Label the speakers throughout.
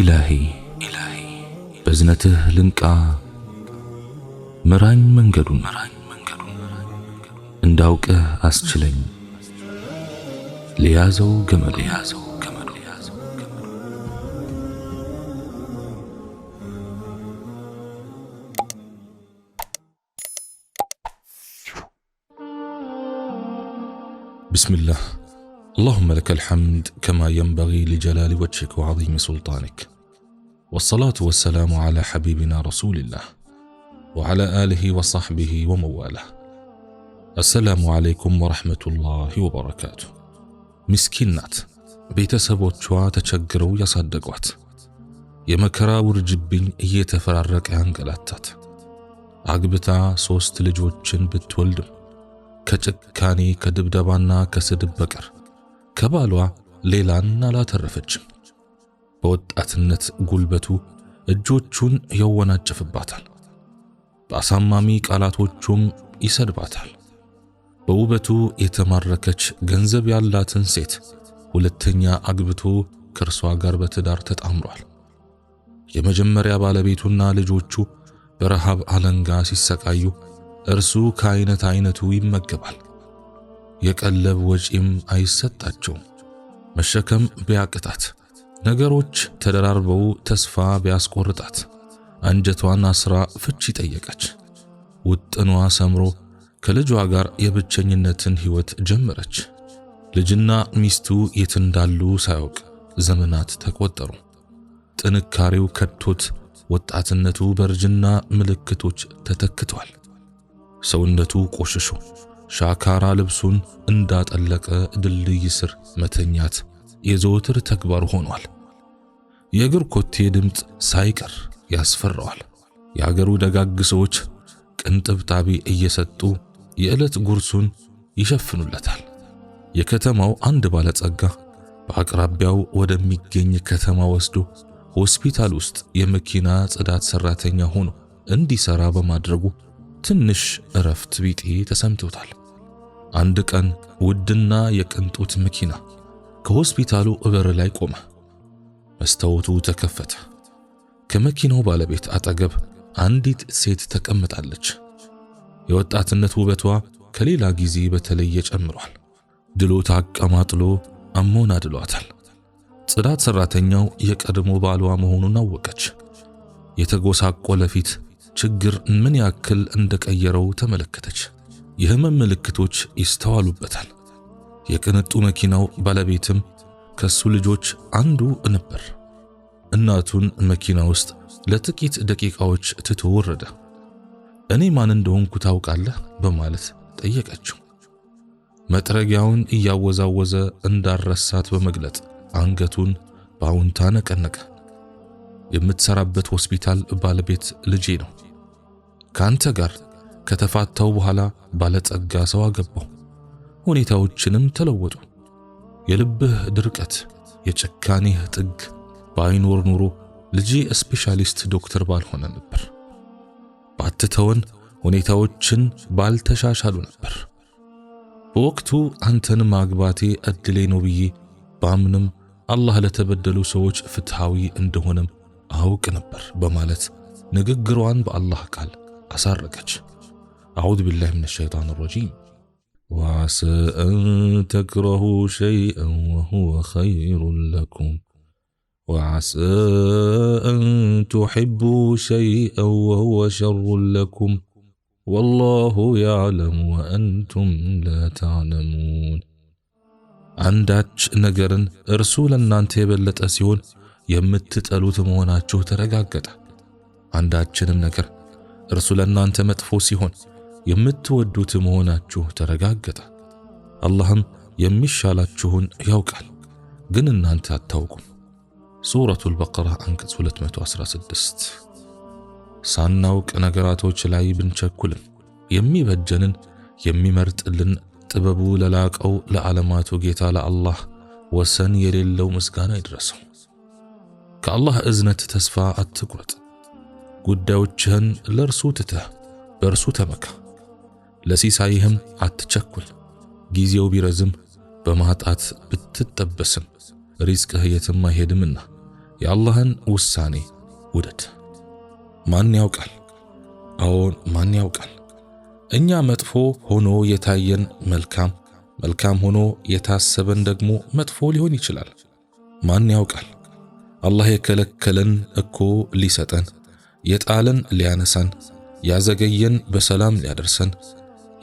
Speaker 1: ኢላሂ ኢላሂ በዝነትህ ልንቃ ምራኝ መንገዱን እንዳውቅህ አስችለኝ ለያዘው ገመድ ያዘው ገመድ ያዘው ገመድ ቢስሚላህ اللهم لك الحمد كما ينبغي لجلال وجهك وعظيم سلطانك والصلاة والسلام على حبيبنا رسول الله وعلى آله وصحبه ومواله السلام عليكم ورحمة الله وبركاته مسكين نات ቤተሰቦቿ ተቸግረው ያሳደጓት የመከራ ውርጅብኝ እየተፈራረቀ አንገላታት። አግብታ ሦስት ልጆችን ብትወልድም ከጭካኔ كدبدبانا كسدب በቀር ከባሏ ሌላን አላተረፈችም። በወጣትነት ጉልበቱ እጆቹን ያወናጭፍባታል፣ በአሳማሚ ቃላቶቹም ይሰድባታል። በውበቱ የተማረከች ገንዘብ ያላትን ሴት ሁለተኛ አግብቶ ከእርሷ ጋር በትዳር ተጣምሯል። የመጀመሪያ ባለቤቱና ልጆቹ በረሃብ አለንጋ ሲሰቃዩ እርሱ ከአይነት አይነቱ ይመገባል። የቀለብ ወጪም አይሰጣቸውም። መሸከም ቢያቅታት፣ ነገሮች ተደራርበው ተስፋ ቢያስቆርጣት፣ አንጀቷን አስራ ፍቺ ጠየቀች። ውጥኗ ሰምሮ ከልጇ ጋር የብቸኝነትን ሕይወት ጀመረች። ልጅና ሚስቱ የት እንዳሉ ሳያውቅ ዘመናት ተቆጠሩ። ጥንካሬው ከድቶት ወጣትነቱ በርጅና ምልክቶች ተተክቷል። ሰውነቱ ቆሽሾ ሻካራ ልብሱን እንዳጠለቀ ድልድይ ስር መተኛት የዘወትር ተግባር ሆኗል። የእግር ኮቴ ድምፅ ሳይቀር ያስፈራዋል። የአገሩ ደጋግ ሰዎች ቅንጥብጣቢ እየሰጡ የዕለት ጉርሱን ይሸፍኑለታል። የከተማው አንድ ባለጸጋ በአቅራቢያው ወደሚገኝ ከተማ ወስዶ ሆስፒታል ውስጥ የመኪና ጽዳት ሰራተኛ ሆኖ እንዲሠራ በማድረጉ ትንሽ እረፍት ቢጤ ተሰምቶታል። አንድ ቀን ውድና የቅንጦት መኪና ከሆስፒታሉ እበር ላይ ቆመ። መስታወቱ ተከፈተ። ከመኪናው ባለቤት አጠገብ አንዲት ሴት ተቀምጣለች። የወጣትነት ውበቷ ከሌላ ጊዜ በተለየ ጨምሯል። ድሎት አቀማጥሎ አድሏታል። ጽዳት ሰራተኛው የቀድሞ ባሏ መሆኑን አወቀች። የተጎሳቆለ ፊት ችግር ምን ያክል እንደቀየረው ተመለከተች። የህመም ምልክቶች ይስተዋሉበታል። የቅንጡ መኪናው ባለቤትም ከሱ ልጆች አንዱ ነበር። እናቱን መኪና ውስጥ ለጥቂት ደቂቃዎች ትቶ ወረደ። እኔ ማን እንደሆንኩ ታውቃለህ? በማለት ጠየቀችው። መጥረጊያውን እያወዛወዘ እንዳረሳት በመግለጥ አንገቱን በአውንታ ነቀነቀ። የምትሰራበት ሆስፒታል ባለቤት ልጄ ነው። ከአንተ ጋር ከተፋተው በኋላ ባለጸጋ ሰው አገባው። ሁኔታዎችንም ተለወጡ። የልብህ ድርቀት፣ የጭካኔህ ጥግ ባይኖር ኑሮ ልጄ ስፔሻሊስት ዶክተር ባልሆነ ነበር። ባትተወን ሁኔታዎችን ባልተሻሻሉ ነበር። በወቅቱ አንተን ማግባቴ እድሌ ነው ብዬ ባምንም አላህ ለተበደሉ ሰዎች ፍትሃዊ እንደሆነም አውቅ ነበር በማለት ንግግሯን በአላህ ቃል አሳረገች። أعوذ بالله من الشيطان الرجيم وعسى أن تكرهوا شيئا وهو خير لكم وعسى أن تحبوا شيئا وهو شر لكم والله يعلم وأنتم لا تعلمون نجر رسول እርሱ ለእናንተ የበለጠ يمت የምትጠሉት መሆናችሁ ተረጋገጠ። عندك نجر رسول ለእናንተ መጥፎ ሲሆን የምትወዱት መሆናችሁ ተረጋገጠ። አላህም የሚሻላችሁን ያውቃል፣ ግን እናንተ አታውቁም። ሱረቱል በቀራ አንቀጽ 216 ሳናውቅ ነገራቶች ላይ ብንቸኩልም የሚበጀንን የሚመርጥልን ጥበቡ ለላቀው ለዓለማቱ ጌታ ለአላህ ወሰን የሌለው ምስጋና ይድረሰው። ከአላህ እዝነት ተስፋ አትቁረጥ። ጉዳዮችህን ለእርሱ ትተህ በእርሱ ተመካ። ለሲሳይህም አትቸኩል። ጊዜው ቢረዝም በማጣት ብትጠበስም ሪዝቅህ የትም አይሄድምና የአላህን ውሳኔ ውደድ። ማን ያውቃል? አዎን ማን ያውቃል? እኛ መጥፎ ሆኖ የታየን መልካም፣ መልካም ሆኖ የታሰበን ደግሞ መጥፎ ሊሆን ይችላል። ማን ያውቃል? አላህ የከለከለን እኮ ሊሰጠን፣ የጣለን ሊያነሳን፣ ያዘገየን በሰላም ሊያደርሰን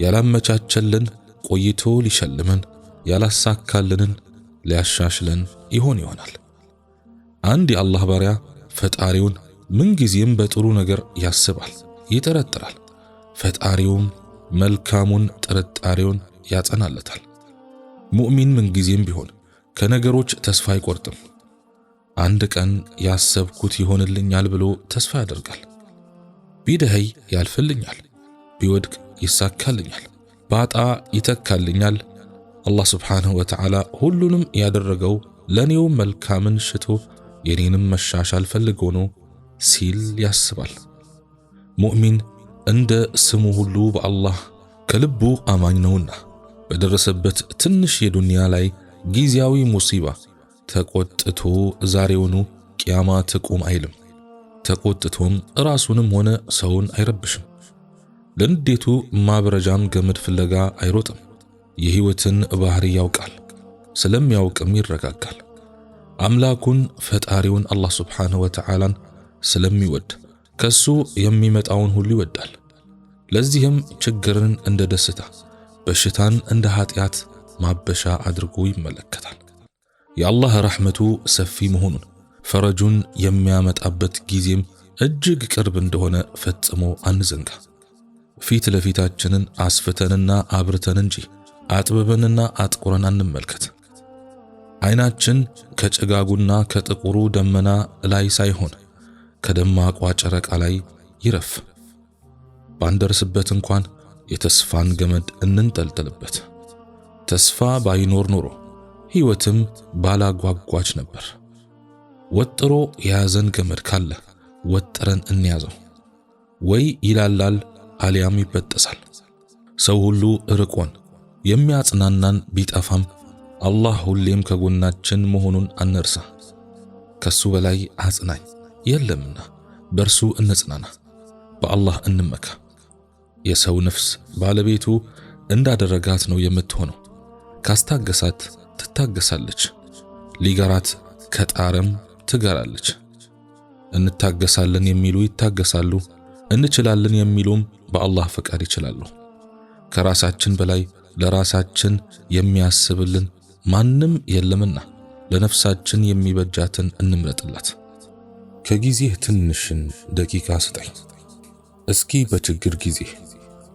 Speaker 1: ያላመቻቸልን ቆይቶ ሊሸልመን፣ ያላሳካልንን ሊያሻሽለን ይሆን ይሆናል። አንድ የአላህ ባሪያ ፈጣሪውን ምንጊዜም በጥሩ ነገር ያስባል፣ ይጠረጥራል። ፈጣሪውም መልካሙን ጥርጣሬውን ያጸናለታል። ሙእሚን ምንጊዜም ቢሆን ከነገሮች ተስፋ አይቆርጥም። አንድ ቀን ያሰብኩት ይሆንልኛል ብሎ ተስፋ ያደርጋል። ቢደኸይ ያልፍልኛል፣ ቢወድቅ ይሳካልኛል፣ ባጣ ይተካልኛል። አላህ ስብሓንሁ ወተዓላ ሁሉንም ያደረገው ለእኔው መልካምን ሽቶ የኔንም መሻሻል ፈልጎ ነው ሲል ያስባል። ሙእሚን እንደ ስሙ ሁሉ በአላህ ከልቡ አማኝ ነውና በደረሰበት ትንሽ የዱንያ ላይ ጊዜያዊ ሙሲባ ተቆጥቶ ዛሬውኑ ቅያማ ትቁም አይልም። ተቆጥቶም ራሱንም ሆነ ሰውን አይረብሽም። ለንዴቱ ማብረጃም ገመድ ፍለጋ አይሮጥም። የህይወትን ባህሪ ያውቃል፣ ስለሚያውቅም ይረጋጋል። አምላኩን ፈጣሪውን አላህ ሱብሓነሁ ወተዓላን ስለሚወድ ከሱ የሚመጣውን ሁሉ ይወዳል። ለዚህም ችግርን እንደ ደስታ፣ በሽታን እንደ ኃጢአት ማበሻ አድርጎ ይመለከታል። የአላህ ረሕመቱ ሰፊ መሆኑን ፈረጁን የሚያመጣበት ጊዜም እጅግ ቅርብ እንደሆነ ፈጽሞ አንዘንጋ። ፊት ለፊታችንን አስፍተንና አብርተን እንጂ አጥብበንና አጥቁረን አንመልከት። ዓይናችን ከጭጋጉና ከጥቁሩ ደመና ላይ ሳይሆን ከደማቋ ጨረቃ ላይ ይረፍ። ባንደርስበት እንኳን የተስፋን ገመድ እንንጠልጥልበት። ተስፋ ባይኖር ኖሮ ሕይወትም ባላጓጓች ነበር። ወጥሮ የያዘን ገመድ ካለ ወጥረን እንያዘው። ወይ ይላላል አሊያም ይበጠሳል። ሰው ሁሉ ርቆን የሚያጽናናን ቢጠፋም አላህ ሁሌም ከጎናችን መሆኑን አንርሳ። ከሱ በላይ አጽናኝ የለምና በርሱ እንጽናና፣ በአላህ እንመካ። የሰው ነፍስ ባለቤቱ እንዳደረጋት ነው የምትሆነው። ካስታገሳት ትታገሳለች፣ ሊገራት ከጣረም ትገራለች። እንታገሳለን የሚሉ ይታገሳሉ፣ እንችላለን የሚሉም በአላህ ፈቃድ ይችላሉ። ከራሳችን በላይ ለራሳችን የሚያስብልን ማንም የለምና ለነፍሳችን የሚበጃትን እንምረጥላት። ከጊዜህ ትንሽን ደቂቃ ስጠኝ። እስኪ በችግር ጊዜ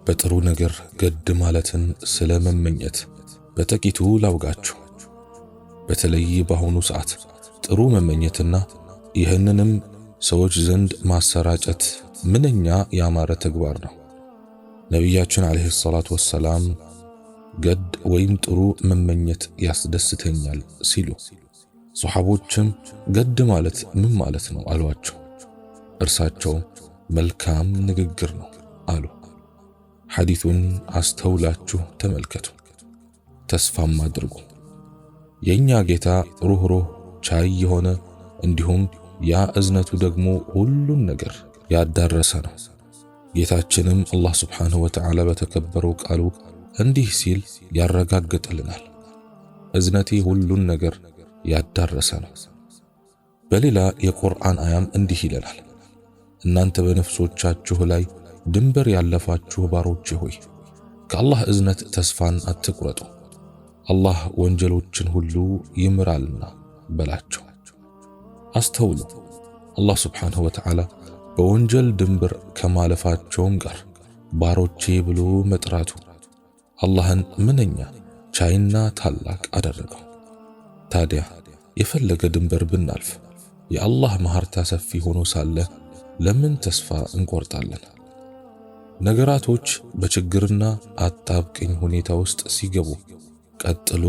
Speaker 1: በጥሩ ነገር ገድ ማለትን ስለ መመኘት በጥቂቱ ላውጋችሁ። በተለይ በአሁኑ ሰዓት ጥሩ መመኘትና ይህንንም ሰዎች ዘንድ ማሰራጨት ምንኛ ያማረ ተግባር ነው። ነቢያችን ዓለይሂ ሰላቱ ወሰላም ገድ ወይም ጥሩ መመኘት ያስደስተኛል ሲሉ፣ ሰሓቦችም ገድ ማለት ምን ማለት ነው አሏቸው። እርሳቸው መልካም ንግግር ነው አሉ። ሐዲቱን አስተውላችሁ ተመልከቱ፣ ተስፋም አድርጉ። የእኛ ጌታ ሩኅሩህ ቻይ የሆነ እንዲሁም ያ እዝነቱ ደግሞ ሁሉን ነገር ያዳረሰ ነው። ጌታችንም አላህ ስብሓንሁ ወተዓላ በተከበረው ቃሉ እንዲህ ሲል ያረጋግጥልናል፣ እዝነቴ ሁሉን ነገር ያዳረሰ ነው። በሌላ የቁርአን አያም እንዲህ ይለናል፣ እናንተ በነፍሶቻችሁ ላይ ድንበር ያለፋችሁ ባሮቼ ሆይ ከአላህ እዝነት ተስፋን አትቁረጡ፣ አላህ ወንጀሎችን ሁሉ ይምራልና በላቸው። አስተውሉ፣ አላህ ስብሓንሁ ወተዓላ በወንጀል ድንበር ከማለፋቸውም ጋር ባሮቼ ብሎ መጥራቱ አላህን ምንኛ ቻይና ታላቅ አደረገው። ታዲያ የፈለገ ድንበር ብናልፍ የአላህ መሐርታ ሰፊ ሆኖ ሳለ ለምን ተስፋ እንቆርጣለን? ነገራቶች በችግርና አጣብቅኝ ሁኔታ ውስጥ ሲገቡ ቀጥሎ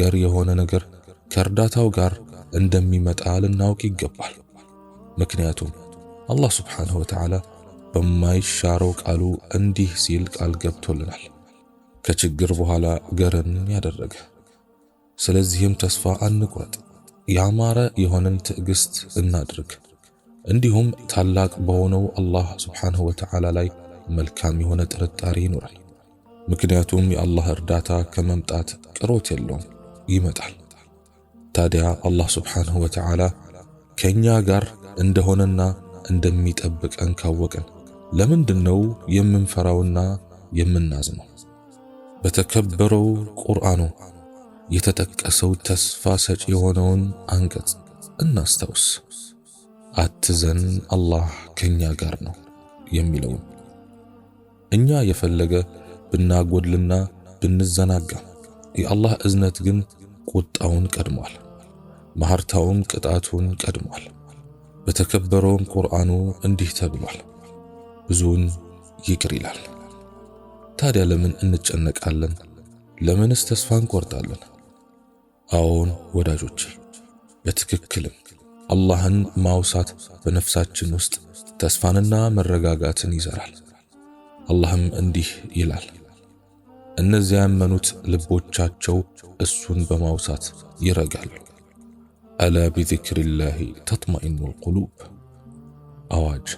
Speaker 1: ገር የሆነ ነገር ከእርዳታው ጋር እንደሚመጣ ልናውቅ ይገባል። ምክንያቱም አላህ ስብሓንሁ ወተዓላ በማይሻረው ቃሉ እንዲህ ሲል ቃል ገብቶልናል፣ ከችግር በኋላ ገርን ያደረገ። ስለዚህም ተስፋ አንቁረጥ፣ ያማረ የሆነን ትዕግስት እናድርግ። እንዲሁም ታላቅ በሆነው አላህ ስብሓንሁ ወተዓላ ላይ መልካም የሆነ ጥርጣሬ ይኖራል። ምክንያቱም የአላህ እርዳታ ከመምጣት ቅሮት የለውም፣ ይመጣል። ታዲያ አላህ ስብሓንሁ ወተዓላ ከእኛ ጋር እንደሆነና እንደሚጠብቀን ካወቅን ለምንድነው የምንፈራውና የምናዝነው? በተከበረው ቁርአኑ የተጠቀሰው ተስፋ ሰጪ የሆነውን አንቀጽ እናስታውስ። አትዘን፣ አላህ ከኛ ጋር ነው የሚለውን እኛ የፈለገ ብናጎድልና ብንዘናጋ የአላህ እዝነት ግን ቁጣውን ቀድሟል፣ መሐርታውም ቅጣቱን ቀድሟል። በተከበረውም ቁርአኑ እንዲህ ተብሏል፣ ብዙውን ይቅር ይላል። ታዲያ ለምን እንጨነቃለን? ለምንስ ተስፋ እንቆርጣለን? አዎን ወዳጆቼ፣ በትክክልም አላህን ማውሳት በነፍሳችን ውስጥ ተስፋንና መረጋጋትን ይዘራል። አላህም እንዲህ ይላል፣ እነዚያ ያመኑት ልቦቻቸው እሱን በማውሳት ይረጋሉ አላ ቢዚክሪላሂ ተጥመኢኑል ቁሉብ። አዋጅ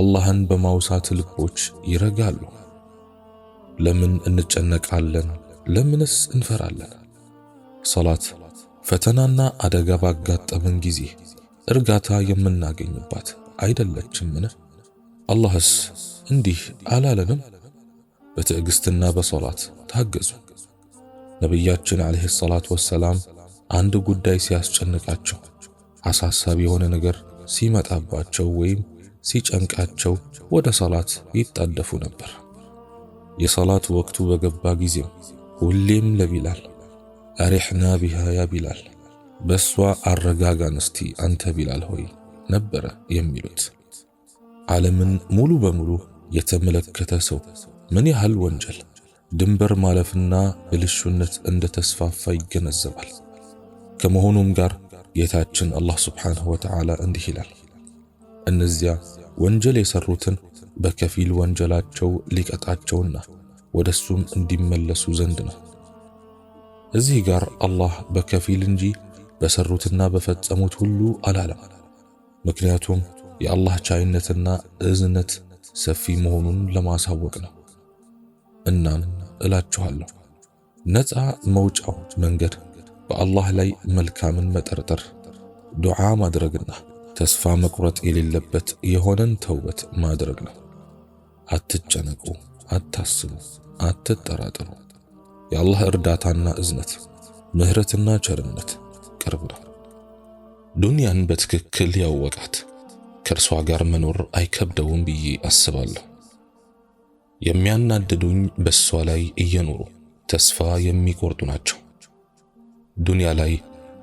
Speaker 1: አላህን በማውሳት ልቦች ይረጋሉ። ለምን እንጨነቃለን? ለምንስ እንፈራለን? ሰላት ፈተናና አደጋ ባጋጠመን ጊዜ እርጋታ የምናገኝባት አይደለችምን? አላህስ እንዲህ አላለንም? በትዕግስትና በሰላት ታገዙ። ነቢያችን ዓለይሂ ሰላት ወሰላም አንድ ጉዳይ ሲያስጨንቃቸው፣ አሳሳቢ የሆነ ነገር ሲመጣባቸው ወይም ሲጨንቃቸው ወደ ሰላት ይጣደፉ ነበር። የሰላት ወቅቱ በገባ ጊዜም ሁሌም ለቢላል አሪሕና ቢሃ ያ ቢላል፣ በሷ አረጋጋን እስቲ አንተ ቢላል ሆይ ነበረ የሚሉት። ዓለምን ሙሉ በሙሉ የተመለከተ ሰው ምን ያህል ወንጀል ድንበር ማለፍና ብልሹነት እንደተስፋፋ ይገነዘባል። ከመሆኑም ጋር ጌታችን አላህ ሱብሓነሁ ወተዓላ እንዲህ ይላል፣ እነዚያ ወንጀል የሰሩትን በከፊል ወንጀላቸው ሊቀጣቸውና ወደሱም እንዲመለሱ ዘንድ ነው። እዚህ ጋር አላህ በከፊል እንጂ በሰሩትና በፈጸሙት ሁሉ አላለም። ምክንያቱም የአላህ ቻይነትና እዝነት ሰፊ መሆኑን ለማሳወቅ ነው። እናም እላችኋለሁ ነፃ መውጫው መንገድ በአላህ ላይ መልካምን መጠርጠር ዱዓ ማድረግና ተስፋ መቁረጥ የሌለበት የሆነን ተውበት ማድረግ ነው። አትጨነቁ፣ አታስቡ፣ አትጠራጠሩ። የአላህ እርዳታና እዝነት፣ ምህረትና ቸርነት ቅርብ ነው። ዱንያን በትክክል ያወቃት ከእርሷ ጋር መኖር አይከብደውም ብዬ አስባለሁ። የሚያናድዱኝ በእሷ ላይ እየኖሩ ተስፋ የሚቆርጡ ናቸው። ዱንያ ላይ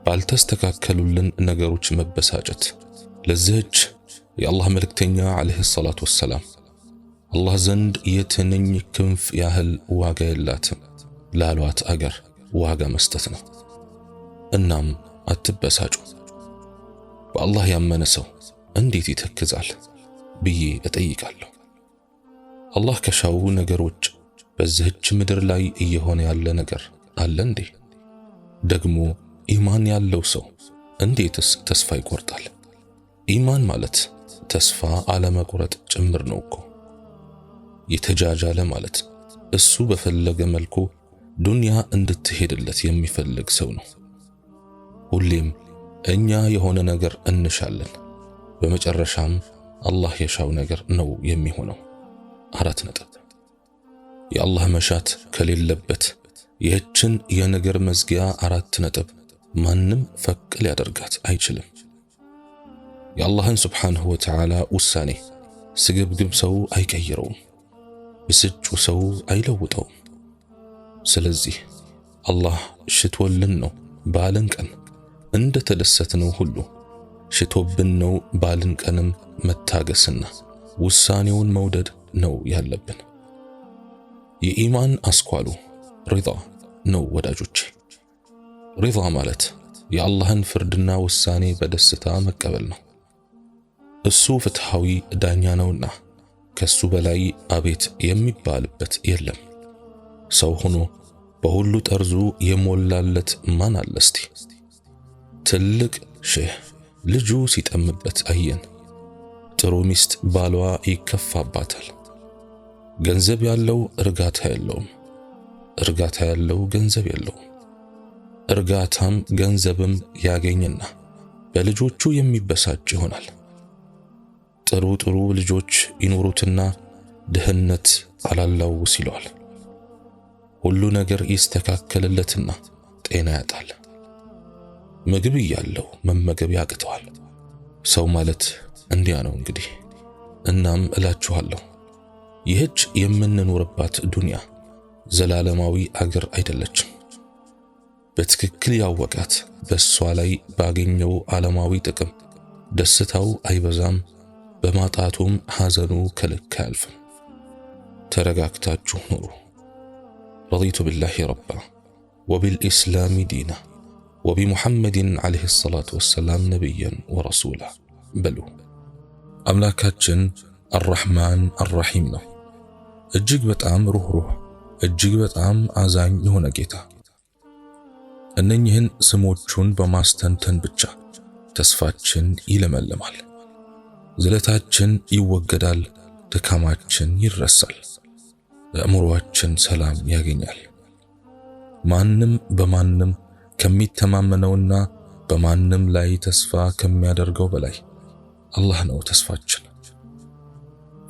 Speaker 1: ባልተስተካከሉልን ነገሮች መበሳጨት ለዚህች የአላህ መልእክተኛ ዓለይሂ ሰላቱ ወሰላም አላህ ዘንድ የትንኝ ክንፍ ያህል ዋጋ የላትም ላሏት አገር ዋጋ መስጠት ነው። እናም አትበሳጩ። በአላህ ያመነ ሰው እንዴት ይተክዛል ብዬ እጠይቃለሁ። አላህ ከሻው ነገሮች በዚህች ምድር ላይ እየሆነ ያለ ነገር አለ እንዴ? ደግሞ ኢማን ያለው ሰው እንዴትስ ተስፋ ይቆርጣል? ኢማን ማለት ተስፋ አለመቁረጥ ጭምር ነው እኮ። የተጃጃለ ማለት እሱ በፈለገ መልኩ ዱንያ እንድትሄድለት የሚፈልግ ሰው ነው። ሁሌም እኛ የሆነ ነገር እንሻለን፣ በመጨረሻም አላህ የሻው ነገር ነው የሚሆነው። አራት ነጥብ የአላህ መሻት ከሌለበት ይህችን የነገር መዝጊያ አራት ነጥብ ማንም ፈቅ ሊያደርጋት አይችልም። የአላህን ስብሓንሁ ወተዓላ ውሳኔ ስግብግብ ሰው አይቀይረውም፣ ብስጩ ሰው አይለውጠውም። ስለዚህ አላህ ሽቶልን ነው ባልን ቀን እንደ ተደሰትነው ሁሉ ሽቶብን ነው ባልን ቀንም መታገስና ውሳኔውን መውደድ ነው ያለብን። የኢማን አስኳሉ ሪዳ ነው ወዳጆቼ። ሪዳ ማለት የአላህን ፍርድና ውሳኔ በደስታ መቀበል ነው። እሱ ፍትሃዊ ዳኛ ነውና ከሱ በላይ አቤት የሚባልበት የለም። ሰው ሆኖ በሁሉ ጠርዙ የሞላለት ማን አለ እስቲ? ትልቅ ሼህ ልጁ ሲጠምበት አየን። ጥሩ ሚስት ባሏ ይከፋባታል። ገንዘብ ያለው እርጋታ የለውም። እርጋታ ያለው ገንዘብ የለውም። እርጋታም ገንዘብም ያገኝና በልጆቹ የሚበሳጭ ይሆናል። ጥሩ ጥሩ ልጆች ይኖሩትና ድህነት አላላውስ ይለዋል። ሁሉ ነገር ይስተካከልለትና ጤና ያጣል። ምግብ እያለው መመገብ ያቅተዋል። ሰው ማለት እንዲያ ነው እንግዲህ። እናም እላችኋለሁ ይህች የምንኖርባት ዱንያ ዘላለማዊ አገር አይደለችም። በትክክል ያወቃት በእሷ ላይ ባገኘው ዓለማዊ ጥቅም ደስታው አይበዛም፣ በማጣቱም ሐዘኑ ከልክ አያልፍም። ተረጋግታችሁ ኑሩ። ረዲቱ ቢላሂ ረባ ወቢልኢስላሚ ዲና ወቢሙሐመድን ዓለይሂ ሰላቱ ወሰላም ነቢያን ወረሱላ በሉ። አምላካችን አራሕማን አራሒም ነው፣ እጅግ በጣም ሩህሩህ እጅግ በጣም አዛኝ የሆነ ጌታ እነኚህን ስሞቹን በማስተንተን ብቻ ተስፋችን ይለመልማል፣ ዝለታችን ይወገዳል፣ ድካማችን ይረሳል፣ አእምሮአችን ሰላም ያገኛል። ማንም በማንም ከሚተማመነውና በማንም ላይ ተስፋ ከሚያደርገው በላይ አላህ ነው ተስፋችን፣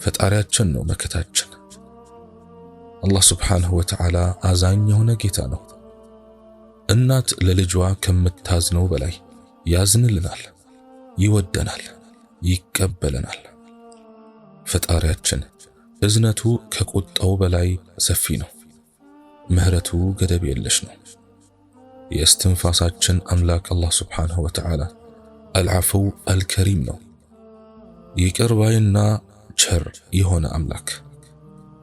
Speaker 1: ፈጣሪያችን ነው መከታችን። አላህ ስብሓንሁ ወተዓላ አዛኝ የሆነ ጌታ ነው። እናት ለልጇ ከምታዝነው በላይ ያዝንልናል፣ ይወደናል፣ ይቀበለናል። ፈጣሪያችን እዝነቱ ከቁጣው በላይ ሰፊ ነው። ምህረቱ ገደብ የለሽ ነው። የእስትንፋሳችን አምላክ አላህ ስብሓንሁ ወተዓላ አልዓፈው አልከሪም ነው። ይቅር ባይና ቸር የሆነ አምላክ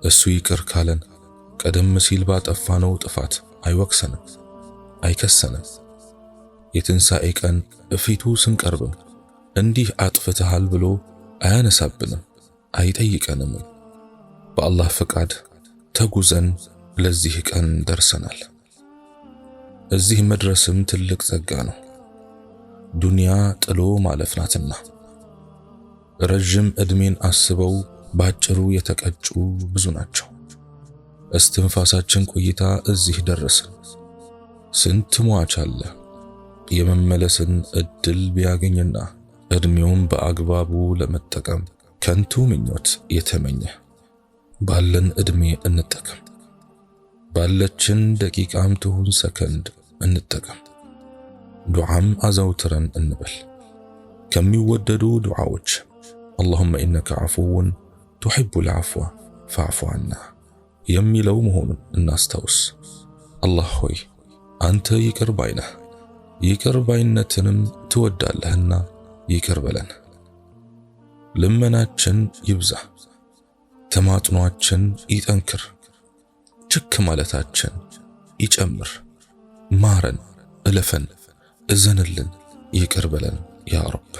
Speaker 1: እሱ ይቅር ካለን ቀደም ሲል ባጠፋነው ጥፋት አይወቅሰንም፣ አይከሰንም። የትንሣኤ ቀን እፊቱ ስንቀርብም እንዲህ አጥፍተሃል ብሎ አያነሳብንም፣ አይጠይቀንም። በአላህ ፈቃድ ተጉዘን ለዚህ ቀን ደርሰናል። እዚህ መድረስም ትልቅ ጸጋ ነው። ዱንያ ጥሎ ማለፍ ናትና ረዥም ዕድሜን አስበው ባጭሩ የተቀጩ ብዙ ናቸው። እስትንፋሳችን ቆይታ እዚህ ደረስን። ስንት ሟች አለ የመመለስን እድል ቢያገኝና እድሜውን በአግባቡ ለመጠቀም ከንቱ ምኞት የተመኘ ባለን እድሜ እንጠቀም፣ ባለችን ደቂቃም ትሁን ሰከንድ እንጠቀም። ዱዓም አዘውትረን እንበል። ከሚወደዱ ዱዓዎች አላሁመ ኢነከ ዓፉውን ቱሒቡ ልዓፍዋ ፈዕፉ ዓና የሚለው መሆኑን እናስታውስ። አላህ ሆይ አንተ ይቅር ባይ ነህ፣ ይቅር ባይነትንም ትወዳለህና ይቅር በለን። ልመናችን ይብዛ፣ ተማጥኗችን ይጠንክር፣ ችክ ማለታችን ይጨምር። ማረን፣ እለፈን፣ እዘንልን፣ ይቅር በለን ያ ረብ።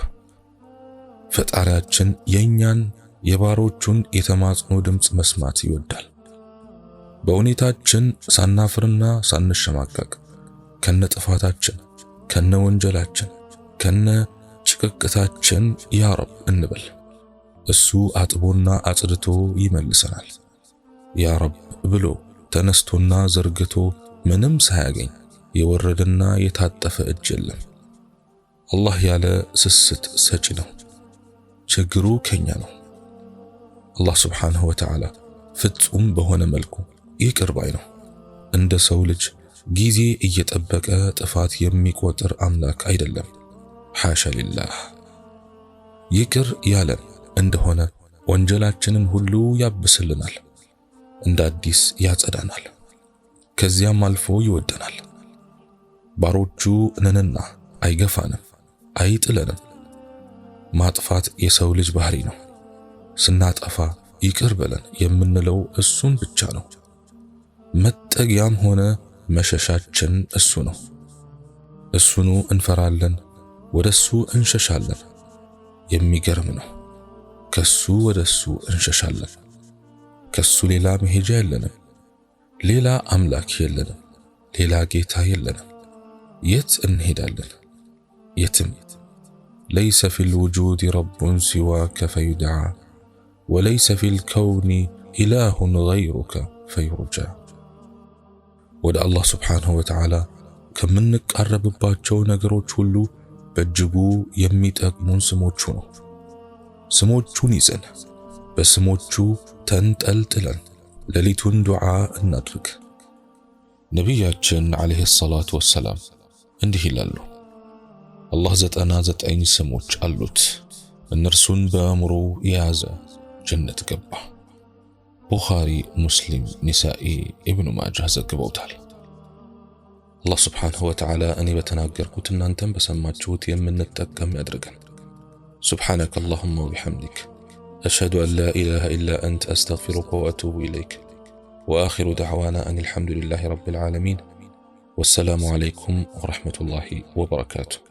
Speaker 1: ፈጣሪያችን የእኛን የባሮቹን የተማጽኖ ድምፅ መስማት ይወዳል። በሁኔታችን ሳናፍርና ሳንሸማቀቅ ከነ ጥፋታችን ከነ ወንጀላችን ከነ ጭቅቅታችን ያ ረብ እንበል። እሱ አጥቦና አጽድቶ ይመልሰናል። ያ ረብ ብሎ ተነስቶና ዘርግቶ ምንም ሳያገኝ የወረደና የታጠፈ እጅ የለም። አላህ ያለ ስስት ሰጪ ነው። ችግሩ ከኛ ነው። አላህ ስብሓንሁ ወተዓላ ፍጹም በሆነ መልኩ ይቅር ባይ ነው። እንደ ሰው ልጅ ጊዜ እየጠበቀ ጥፋት የሚቆጥር አምላክ አይደለም። ሐሸ ሊላህ። ይቅር ያለን እንደሆነ ወንጀላችንን ሁሉ ያብስልናል፣ እንደ አዲስ ያጸዳናል፣ ከዚያም አልፎ ይወደናል። ባሮቹ ነንና አይገፋንም፣ አይጥለንም። ማጥፋት የሰው ልጅ ባህሪ ነው። ስናጠፋ ይቅር በለን የምንለው እሱን ብቻ ነው። مت متأجيام هنا مشاشاتشن السنو السنو انفرالن ودسو انششالن يمي قرمنو كسو ودسو انششالن كسو ليلا مهجا يلن ليلا أملاك يلن ليلا جيتا يلن يت انهدا انهدالن يتم ليس في الوجود رب سواك فيدعى وليس في الكون إله غيرك فيرجى ወደ አላህ ስብሓንሁ ወተዓላ ከምንቃረብባቸው ነገሮች ሁሉ በእጅጉ የሚጠቅሙን ስሞቹ ነው። ስሞቹን ይዘን በስሞቹ ተንጠልጥለን ሌሊቱን ዱዓ እናድርግ። ነቢያችን ዓለይሂ ሰላቱ ወሰላም እንዲህ ይላሉ፣ አላህ ዘጠና ዘጠኝ ስሞች አሉት፣ እነርሱን በአእምሮ የያዘ ጀነት ገባ። بخاري مسلم نسائي ابن ماجه ዘግበውታል አላህ ስብሓንሁ ወተዓላ እኔ በተናገርኩት تشوت يمن የምንጠቀም ያድርገን سبحانك اللهم وبحمدك أشهد أن لا إله إلا أنت أستغفرك وأتوب إليك وآخر دعوانا أن الحمد لله رب العالمين والسلام عليكم ورحمة الله وبركاته